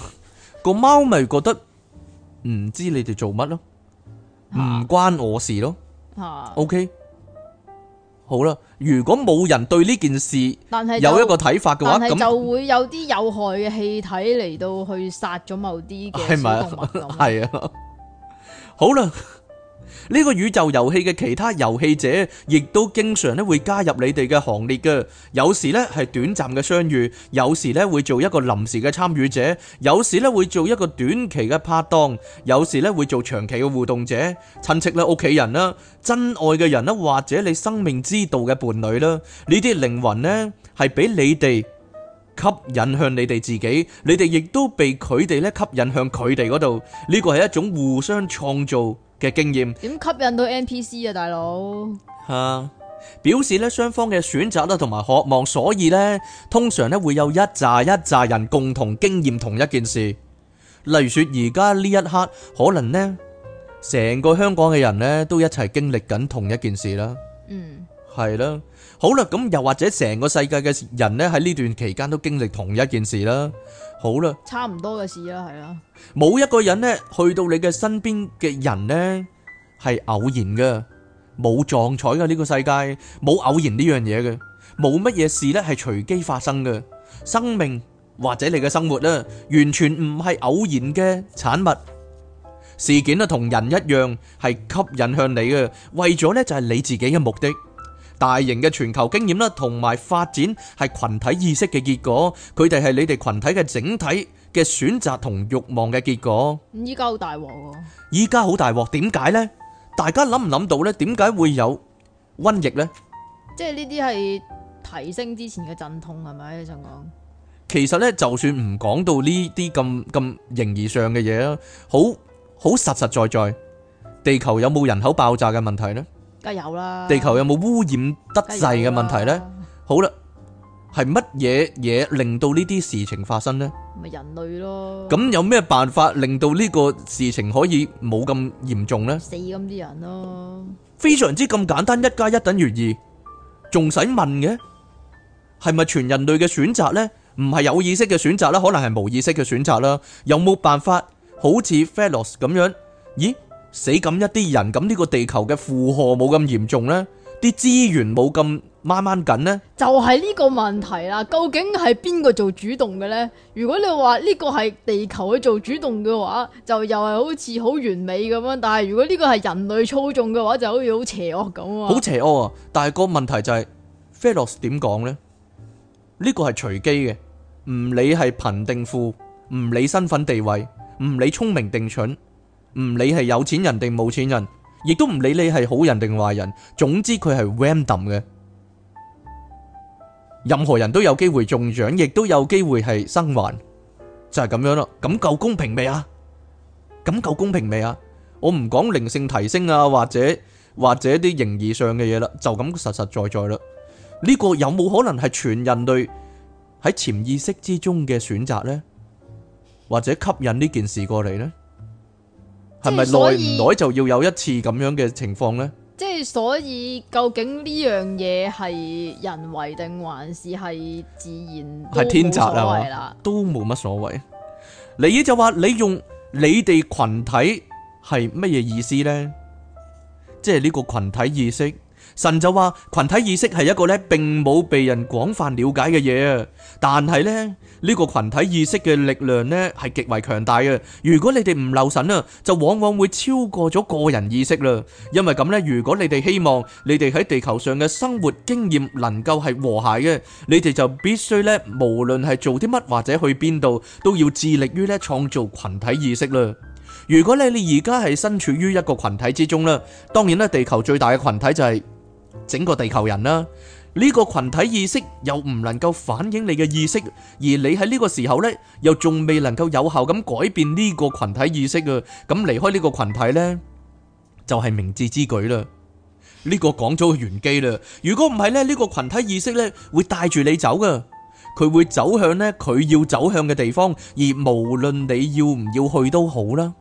個貓咪覺得唔知你哋做乜咯，唔關我事咯，OK 好啦，如果冇人對呢件事，但係有一個睇法嘅話，咁就會有啲有害嘅氣體嚟到去殺咗某啲嘅小動物，係咪？係啊，好啦。呢個宇宙遊戲嘅其他遊戲者，亦都經常咧會加入你哋嘅行列嘅。有時咧係短暫嘅相遇，有時咧會做一個臨時嘅參與者，有時咧會做一個短期嘅拍檔，有時咧會做長期嘅互動者。親戚啦、屋企人啦、真愛嘅人啦，或者你生命之道嘅伴侶啦，呢啲靈魂咧係俾你哋吸引向你哋自己，你哋亦都被佢哋咧吸引向佢哋嗰度。呢個係一種互相創造。嘅經驗點吸引到 NPC 啊，大佬吓表示咧雙方嘅選擇啦，同埋渴望，所以咧通常咧會有一扎一紮人共同經驗同一件事。例如說而家呢一刻，可能呢成個香港嘅人呢都一齊經歷緊同一件事啦。嗯，係啦，好啦，咁又或者成個世界嘅人呢喺呢段期間都經歷同一件事啦。好啦，差唔多嘅事啦，係啊。冇一個人呢去到你嘅身邊嘅人呢係偶然嘅，冇撞彩嘅，呢個世界冇偶然呢樣嘢嘅，冇乜嘢事呢係隨機發生嘅。生命或者你嘅生活呢完全唔係偶然嘅產物，事件啊同人一樣係吸引向你嘅，為咗呢就係你自己嘅目的。大型嘅全球經驗啦，同埋發展係羣體意識嘅結果，佢哋係你哋羣體嘅整體嘅選擇同慾望嘅結果。依家好大鑊喎！依家好大鑊，點解呢？大家諗唔諗到呢？點解會有瘟疫呢？即係呢啲係提升之前嘅陣痛係咪？你想講？其實呢，就算唔講到呢啲咁咁形而上嘅嘢啦，好好實實在在，地球有冇人口爆炸嘅問題呢？梗有啦！地球有冇污染得滯嘅問題呢？好啦，係乜嘢嘢令到呢啲事情發生呢？咪人類咯！咁有咩辦法令到呢個事情可以冇咁嚴重呢？死咁啲人咯！非常之咁簡單，一加一等於二，仲使問嘅？係咪全人類嘅選擇呢？唔係有意識嘅選擇呢，可能係無意識嘅選擇啦。有冇辦法好似 Pharaoh 咁樣？咦？死咁一啲人，咁呢個地球嘅負荷冇咁嚴重呢？啲資源冇咁掹掹緊呢？就係呢個問題啦。究竟係邊個做主動嘅呢？如果你話呢個係地球去做主動嘅話，就又係好似好完美咁樣。但係如果呢個係人類操縱嘅話，就好似好邪惡咁啊。好邪惡啊，但係個問題就係、是、Fellows 點講呢？呢、呢個係隨機嘅，唔理係貧定富，唔理身份地位，唔理聰明定蠢。唔理係有錢人定冇錢人，亦都唔理你係好人定壞人，總之佢係 random 嘅。任何人都有機會中獎，亦都有機會係生還，就係咁樣咯。咁夠公平未啊？咁夠公平未啊？我唔講靈性提升啊，或者或者啲形而上嘅嘢啦，就咁實實在在啦。呢個有冇可能係全人類喺潛意識之中嘅選擇呢？或者吸引呢件事過嚟呢？係咪耐唔耐就要有一次咁樣嘅情況呢？即係所以，究竟呢樣嘢係人為定還是係自然？係天擇啦，都冇乜所謂。你就話你用你哋群體係乜嘢意思呢？即係呢個群體意識。神就話群體意識係一個咧，並冇被人廣泛了解嘅嘢啊。但係咧，呢個群體意識嘅力量咧，係極為強大嘅。如果你哋唔留神啊，就往往會超過咗個人意識啦。因為咁咧，如果你哋希望你哋喺地球上嘅生活經驗能夠係和諧嘅，你哋就必須咧，無論係做啲乜或者去邊度，都要致力於咧，創造群體意識啦。如果咧你而家係身處於一個群體之中啦，當然咧地球最大嘅群體就係。整個地球人啦，呢個群體意識又唔能夠反映你嘅意識，而你喺呢個時候咧，又仲未能夠有效咁改變呢個群體意識啊！咁離開呢個群體咧，就係明智之舉啦。呢個講咗個玄機啦。如果唔係咧，呢個群體意識咧會帶住你走噶，佢會走向咧佢要走向嘅地方，而無論你要唔要去都好啦。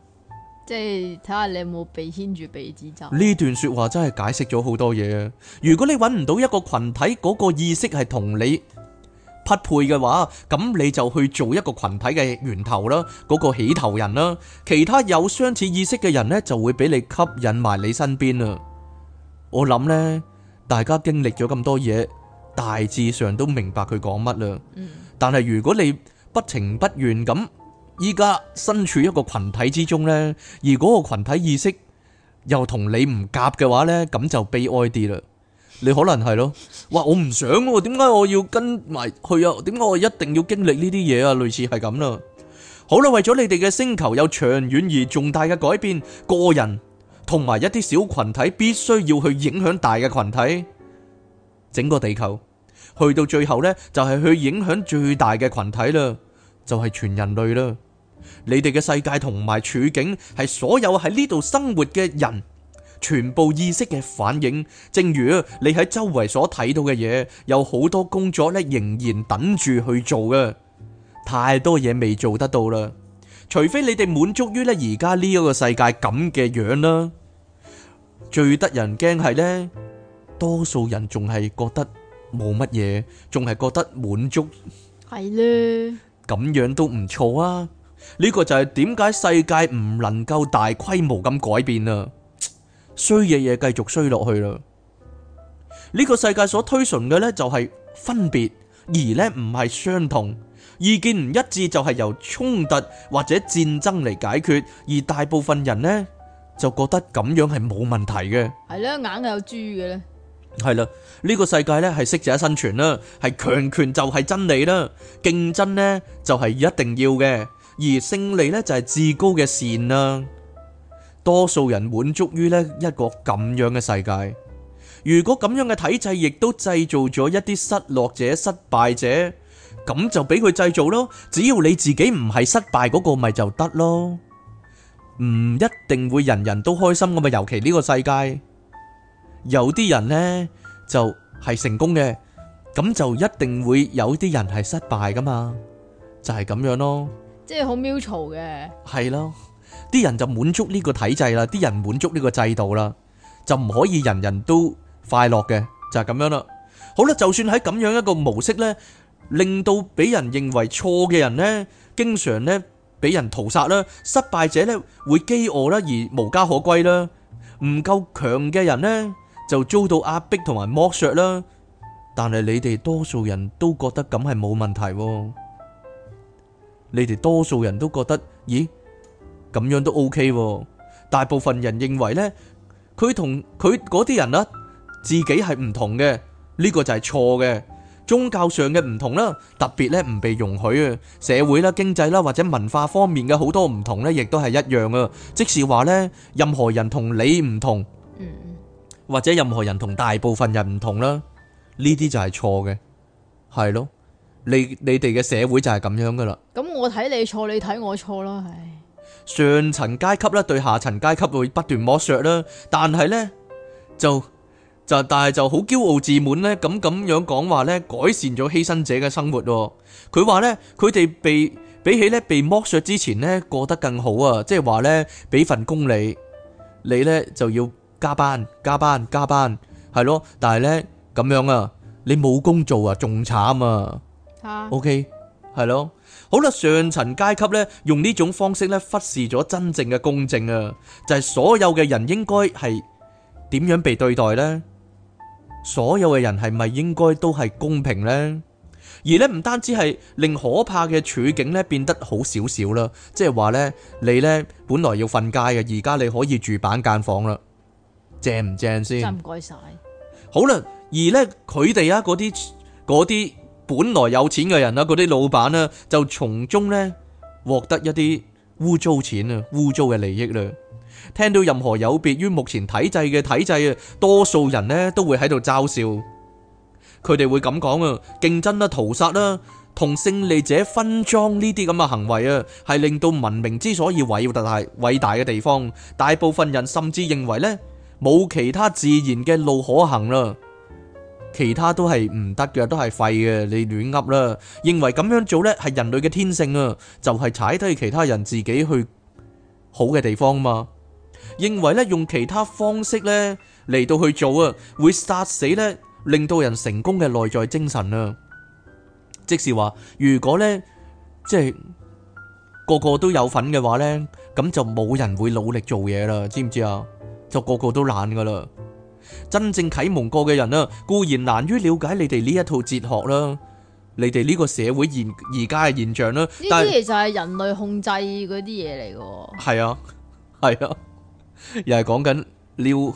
即係睇下你有冇被牽住鼻子走？呢段說話真係解釋咗好多嘢。如果你揾唔到一個群體，嗰個意識係同你匹配嘅話，咁你就去做一個群體嘅源頭啦，嗰個起頭人啦。其他有相似意識嘅人呢，就會俾你吸引埋你身邊啦。我諗呢，大家經歷咗咁多嘢，大致上都明白佢講乜啦。嗯。但係如果你不情不願咁。依家身處一個群體之中咧，而嗰個群體意識又同你唔夾嘅話咧，咁就悲哀啲啦。你可能係咯，哇！我唔想，點解我要跟埋去啊？點解我一定要經歷呢啲嘢啊？類似係咁啦。好啦，為咗你哋嘅星球有長遠而重大嘅改變，個人同埋一啲小群體必須要去影響大嘅群體，整個地球去到最後咧，就係去影響最大嘅群體啦，就係全人類啦。你哋嘅世界同埋處境係所有喺呢度生活嘅人全部意識嘅反映，正如你喺周圍所睇到嘅嘢，有好多工作咧仍然等住去做嘅，太多嘢未做得到啦。除非你哋滿足於咧而家呢一個世界咁嘅樣啦。最得人驚係呢，多數人仲係覺得冇乜嘢，仲係覺得滿足，係啦，咁樣都唔錯啊！呢個就係點解世界唔能夠大規模咁改變啊，衰嘢嘢繼續衰落去啦。呢、這個世界所推崇嘅呢，就係分別，而呢唔係相同，意見唔一致就係由衝突或者戰爭嚟解決，而大部分人呢，就覺得咁樣係冇問題嘅。係啦、嗯，眼係有珠嘅啦。係啦，呢、這個世界呢，係適者生存啦，係強權就係真理啦，競爭呢，就係一定要嘅。而勝利呢就係至高嘅善啦。多數人滿足於呢一個咁樣嘅世界。如果咁樣嘅體制亦都製造咗一啲失落者、失敗者，咁就俾佢製造咯。只要你自己唔係失敗嗰個，咪就得咯。唔一定會人人都開心咁嘛。尤其呢個世界，有啲人呢就係成功嘅，咁就一定會有啲人係失敗噶嘛，就係咁樣咯。即係好 mutual 嘅，係咯，啲人就滿足呢個體制啦，啲人滿足呢個制度啦，就唔可以人人都快樂嘅，就係咁樣啦。好啦，就算喺咁樣一個模式呢，令到俾人認為錯嘅人呢，經常呢俾人屠殺啦，失敗者呢會飢餓啦而無家可歸啦，唔夠強嘅人呢就遭到壓迫同埋剝削啦。但係你哋多數人都覺得咁係冇問題。你哋多數人都覺得，咦，咁樣都 OK 喎，大部分人認為呢，佢同佢嗰啲人呢，自己係唔同嘅，呢個就係錯嘅。宗教上嘅唔同啦，特別呢唔被容許啊，社會啦、啊、經濟啦、啊、或者文化方面嘅好多唔同呢，亦都係一樣啊。即係話呢，任何人同你唔同，嗯、或者任何人同大部分人唔同啦，呢啲就係錯嘅，係咯。你你哋嘅社會就係咁樣噶啦，咁我睇你錯，你睇我錯啦，唉！上層階級呢對下層階級會不斷剝削啦，但係呢就就但係就好驕傲自滿呢，咁咁樣講話呢改善咗犧牲者嘅生活喎。佢話呢佢哋被比起呢被剝削之前呢過得更好啊，即係話呢俾份工你，你呢就要加班加班加班，係咯？但係呢咁樣啊，你冇工做啊，仲慘啊！O K，係咯，okay, yeah. 好啦，上層階級呢，用呢種方式呢忽視咗真正嘅公正啊，就係、是、所有嘅人應該係點樣被對待呢？所有嘅人係咪應該都係公平呢？而呢，唔單止係令可怕嘅處境呢變得好少少啦，即係話呢，你呢，本來要瞓街嘅，而家你可以住板間房啦，正唔正先？唔該晒。好啦，而呢，佢哋啊嗰啲嗰啲本來有錢嘅人啦、啊，嗰啲老闆、啊、呢，就從中呢獲得一啲污糟錢啊，污糟嘅利益啦。聽到任何有別於目前體制嘅體制啊，多數人呢都會喺度嘲笑，佢哋會咁講啊，競爭啦，屠殺啦，同勝利者分贓呢啲咁嘅行為啊，係令到文明之所以偉大偉大嘅地方。大部分人甚至認為呢，冇其他自然嘅路可行啦、啊。其他都係唔得嘅，都係廢嘅。你亂噏啦，認為咁樣做呢係人類嘅天性啊，就係踩低其他人自己去好嘅地方嘛。認為呢用其他方式呢嚟到去做啊，會殺死呢令到人成功嘅內在精神啊。即是話，如果呢即係個個都有份嘅話呢，咁就冇人會努力做嘢啦，知唔知啊？就個個都懶噶啦。真正啟蒙過嘅人啦，固然難於了解你哋呢一套哲學啦，你哋呢個社會現而家嘅現象啦，這些 但係其實係人類控制嗰啲嘢嚟嘅。係啊，係啊，又係講緊撩，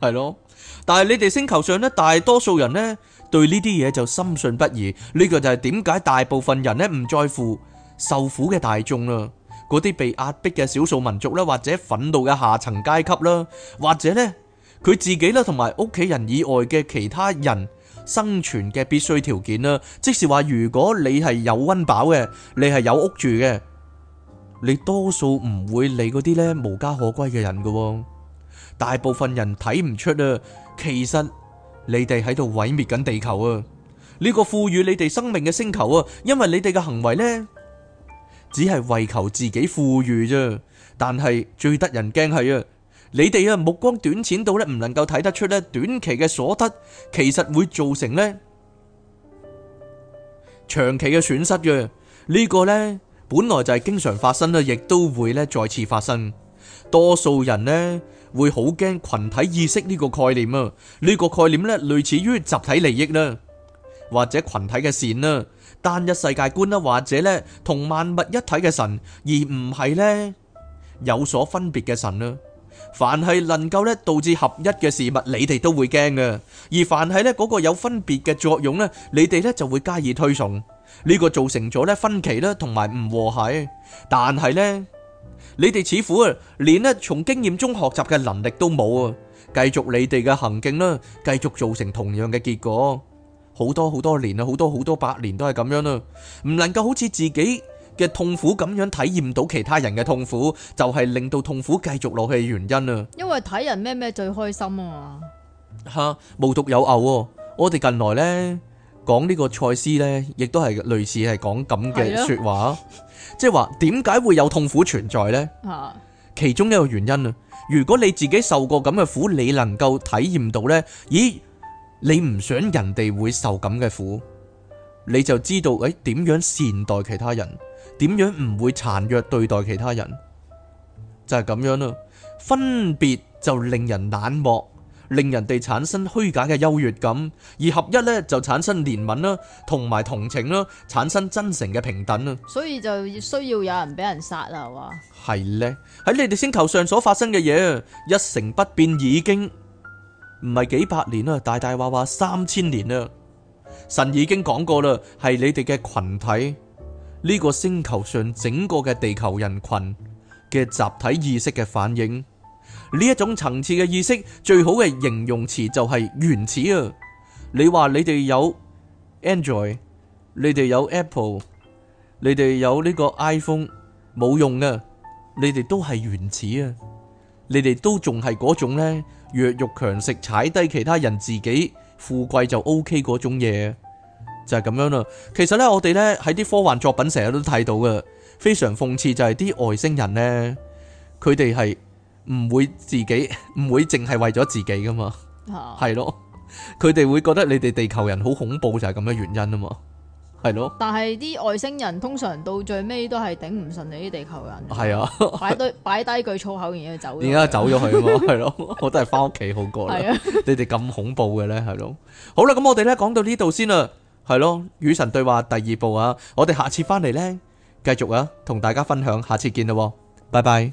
係 咯。但係你哋星球上呢，大多數人呢，對呢啲嘢就深信不疑。呢、這個就係點解大部分人呢唔在乎受苦嘅大眾啦，嗰啲被壓迫嘅少數民族啦，或者憤怒嘅下層階級啦，或者呢。佢自己啦，同埋屋企人以外嘅其他人生存嘅必須條件啦，即是話如果你係有溫飽嘅，你係有屋住嘅，你多數唔會理嗰啲咧無家可歸嘅人噶。大部分人睇唔出啊，其實你哋喺度毀滅緊地球啊！呢個賦予你哋生命嘅星球啊，因為你哋嘅行為呢，只係為求自己富裕啫。但係最得人驚係啊！你哋啊，目光短淺到咧，唔能夠睇得出咧，短期嘅所得其實會造成呢長期嘅損失嘅呢、呢個呢，本來就係經常發生啦，亦都會咧再次發生。多數人呢，會好驚群體意識呢個概念啊，呢、呢個概念呢，類似於集體利益啦，或者群體嘅善啦，單一世界觀啦，或者呢同萬物一體嘅神，而唔係呢有所分別嘅神啦。凡係能夠咧導致合一嘅事物，你哋都會驚嘅；而凡係咧嗰個有分別嘅作用咧，你哋咧就會加以推崇。呢個造成咗咧分歧啦，同埋唔和諧。但係咧，你哋似乎連咧從經驗中學習嘅能力都冇啊！繼續你哋嘅行徑啦，繼續造成同樣嘅結果。好多好多年啊，好多好多百年都係咁樣啦，唔能夠好似自己。嘅痛苦咁樣體驗到其他人嘅痛苦，就係令到痛苦繼續落去嘅原因啊。因為睇人咩咩最開心啊？吓無獨有偶，我哋近來咧講呢個賽斯咧，亦都係類似係講咁嘅說話，即係話點解會有痛苦存在咧？啊，其中一個原因啊。如果你自己受過咁嘅苦，你能夠體驗到咧，咦，你唔想人哋會受咁嘅苦，你就知道誒點樣善待其他人。點樣唔會殘虐對待其他人，就係、是、咁樣啦。分別就令人冷漠，令人哋產生虛假嘅優越感；而合一呢，就產生憐憫啦，同埋同情啦，產生真誠嘅平等啦。所以就需要有人俾人殺啦，係嘛？係咧，喺你哋星球上所發生嘅嘢一成不變，已經唔係幾百年啦，大大話話三千年啦。神已經講過啦，係你哋嘅群體。呢個星球上整個嘅地球人群嘅集體意識嘅反應，呢一種層次嘅意識最好嘅形容詞就係原始啊！你話你哋有 Android，你哋有 Apple，你哋有呢個 iPhone，冇用啊！你哋都係原始啊！你哋都仲係嗰種呢，弱肉強食，踩低其他人，自己富貴就 OK 嗰種嘢。就係咁樣啦。其實咧，我哋咧喺啲科幻作品成日都睇到嘅，非常諷刺就係啲外星人咧，佢哋係唔會自己唔會淨係為咗自己噶嘛，係咯、啊。佢哋會覺得你哋地球人好恐怖，就係咁嘅原因啊嘛，係咯。但係啲外星人通常到最尾都係頂唔順你啲地球人，係是啊，擺低擺低句粗口然後走，而家走咗去咯，係咯， 我都係翻屋企好過啦。是的 你哋咁恐怖嘅咧，係咯。好啦，咁我哋咧講到呢度先啦。係咯，與神對話第二部啊！我哋下次翻嚟咧，繼續啊，同大家分享，下次見啦，拜拜。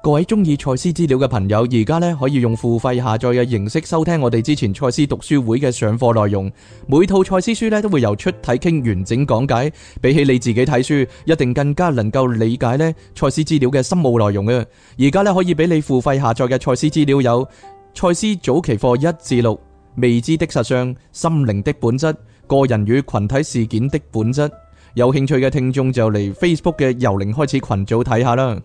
各位中意賽斯資料嘅朋友，而家咧可以用付費下載嘅形式收聽我哋之前賽斯讀書會嘅上課內容。每套賽斯書咧都會由出體傾完整講解，比起你自己睇書，一定更加能夠理解呢賽斯資料嘅深奧內容嘅。而家咧可以俾你付費下載嘅賽斯資料有賽斯早期課一至六、未知的實相、心靈的本質、個人與群體事件的本質。有興趣嘅聽眾就嚟 Facebook 嘅由零開始群組睇下啦。